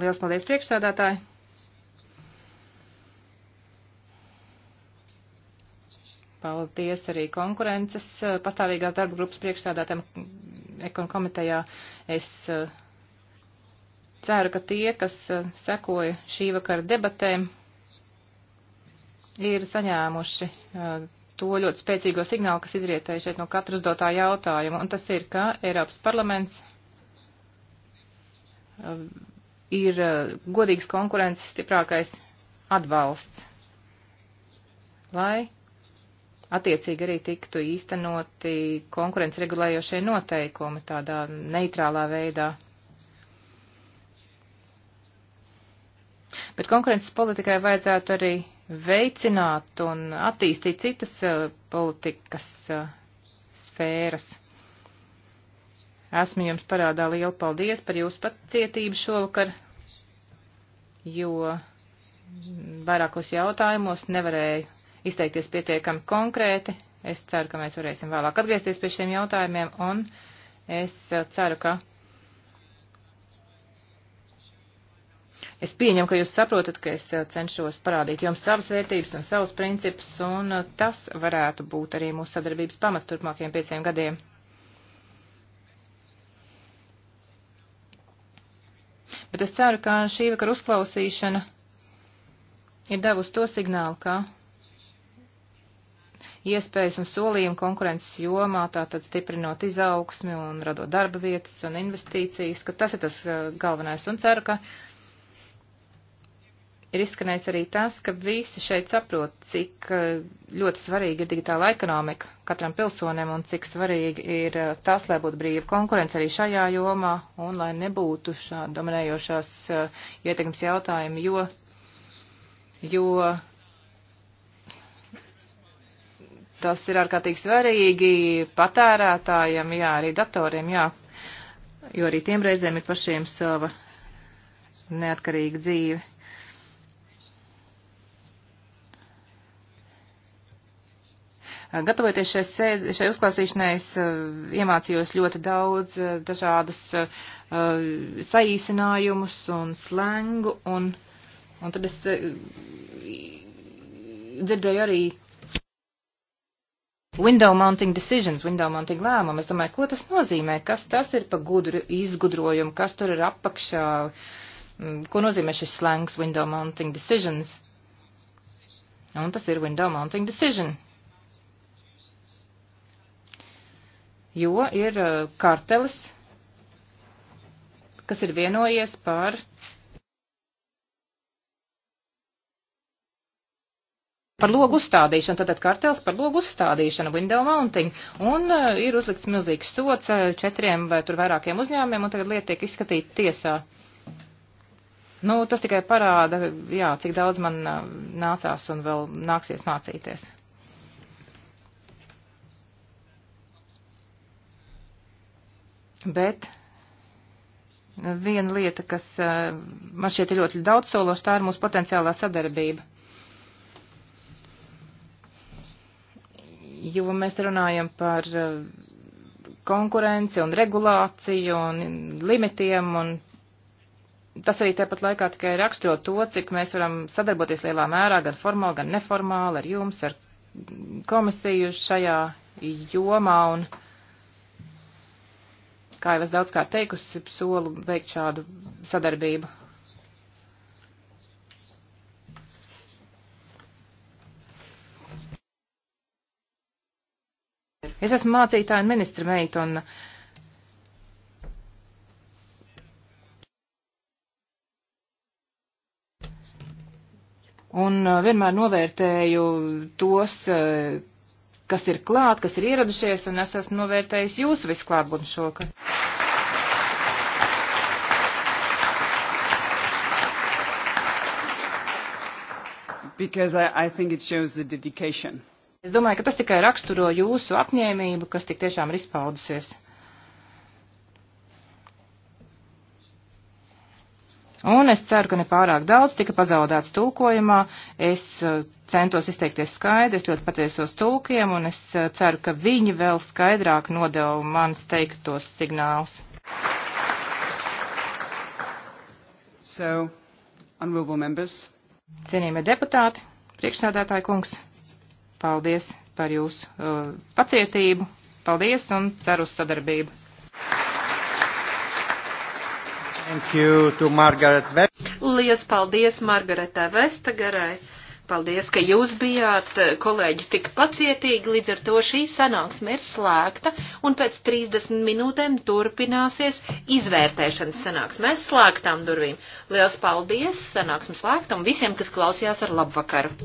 Liels paldies priekšsādātāji! Paldies arī konkurences eh, pastāvīgās darba grupas priekšsādātājiem ekon komitejā. Es eh, ceru, ka tie, kas eh, sekoja šī vakara debatēm, ir saņēmuši to ļoti spēcīgo signālu, kas izrietēja šeit no katra uzdotā jautājuma, un tas ir, ka Eiropas parlaments ir eh, godīgas konkurences stiprākais atbalsts, lai attiecīgi arī tiktu īstenoti konkurences regulējošie noteikumi tādā neitrālā veidā. Bet konkurences politikai vajadzētu arī veicināt un attīstīt citas eh, politikas eh, sfēras. Esmu jums parādā lielu paldies par jūsu pacietību šovakar, jo vairākos jautājumos nevarēju izteikties pietiekami konkrēti. Es ceru, ka mēs varēsim vēlāk atgriezties pie šiem jautājumiem, un es ceru, ka. Es pieņemu, ka jūs saprotat, ka es cenšos parādīt jums savas vērtības un savus principus, un tas varētu būt arī mūsu sadarbības pamats turpmākajiem pieciem gadiem. bet es ceru, ka šī vakar uzklausīšana ir devusi to signālu, ka iespējas un solījumi konkurences jomā, tātad stiprinot izaugsmi un radot darba vietas un investīcijas, ka tas ir tas uh, galvenais un ceru, ka ir izskanējis arī tas, ka visi šeit saprot, cik eh, ļoti svarīga ir digitāla ekonomika katram pilsonim un cik svarīgi ir eh, tas, lai būtu brīva konkurence arī šajā jomā un lai nebūtu šādi dominējošās eh, ietekmes jautājumi, jo, jo tas ir ārkārtīgi svarīgi patērētājiem, jā, arī datoriem, jā, jo arī tiem reizēm ir pašiem sava neatkarīga dzīve. Gatavoties šai, sēd, šai uzklausīšanai, es eh, iemācījos ļoti daudz eh, dažādus eh, saīsinājumus un slengu, un, un tad es dzirdēju arī Window mounting decisions, window mounting lēmumu. Es domāju, ko tas nozīmē, kas tas ir pa gudru izgudrojumu, kas tur ir apakšā, mm, ko nozīmē šis slangs window mounting decisions. Un tas ir window mounting decision. jo ir uh, kartelis, kas ir vienojies par par logu uzstādīšanu, tātad kartels par logu uzstādīšanu, window mounting, un uh, ir uzlikts milzīgs sots uh, četriem vai tur vairākiem uzņēmumiem, un tagad lieta tiek izskatīta tiesā. Nu, tas tikai parāda, jā, cik daudz man uh, nācās un vēl nāksies mācīties. Bet viena lieta, kas eh, man šeit ir ļoti daudz sološa, tā ir mūsu potenciālā sadarbība. Jo mēs runājam par eh, konkurenci un regulāciju un limitiem un tas arī tāpat laikā tikai raksturo to, cik mēs varam sadarboties lielā mērā gan formāli, gan neformāli ar jums, ar komisiju šajā jomā un kā jau es daudzkārt teikusi, solu veikt šādu sadarbību. Es esmu mācītāja un ministra meita, un Un uh, vienmēr novērtēju tos, uh, kas ir klāt, kas ir ieradušies, un es esmu novērtējis jūsu visklātbūtni šokar. because I, I think it shows the dedication. Es domāju, ka tas tikai raksturo jūsu apņēmību, kas tik tiešām ir izpaudusies. Un es ceru, ka ne pārāk daudz tika pazaudēts tulkojumā. Es uh, centos izteikties skaidri, es ļoti pateicos tulkiem, un es uh, ceru, ka viņi vēl skaidrāk nodeva manis teiktos signālus. So, honorable members. Cienījamie deputāti, priekšsēdētāji kungs, paldies par jūsu uh, pacietību, paldies un ceru uz sadarbību. Lielas paldies Margaretai Vestagarai. Paldies, ka jūs bijāt, eh, kolēģi, tik pacietīgi, līdz ar to šī sanāksme ir slēgta, un pēc 30 minūtēm turpināsies izvērtēšanas sanāksme. Mēs slēgtām durvīm. Liels paldies, sanāksme slēgta, un visiem, kas klausījās ar labvakaru!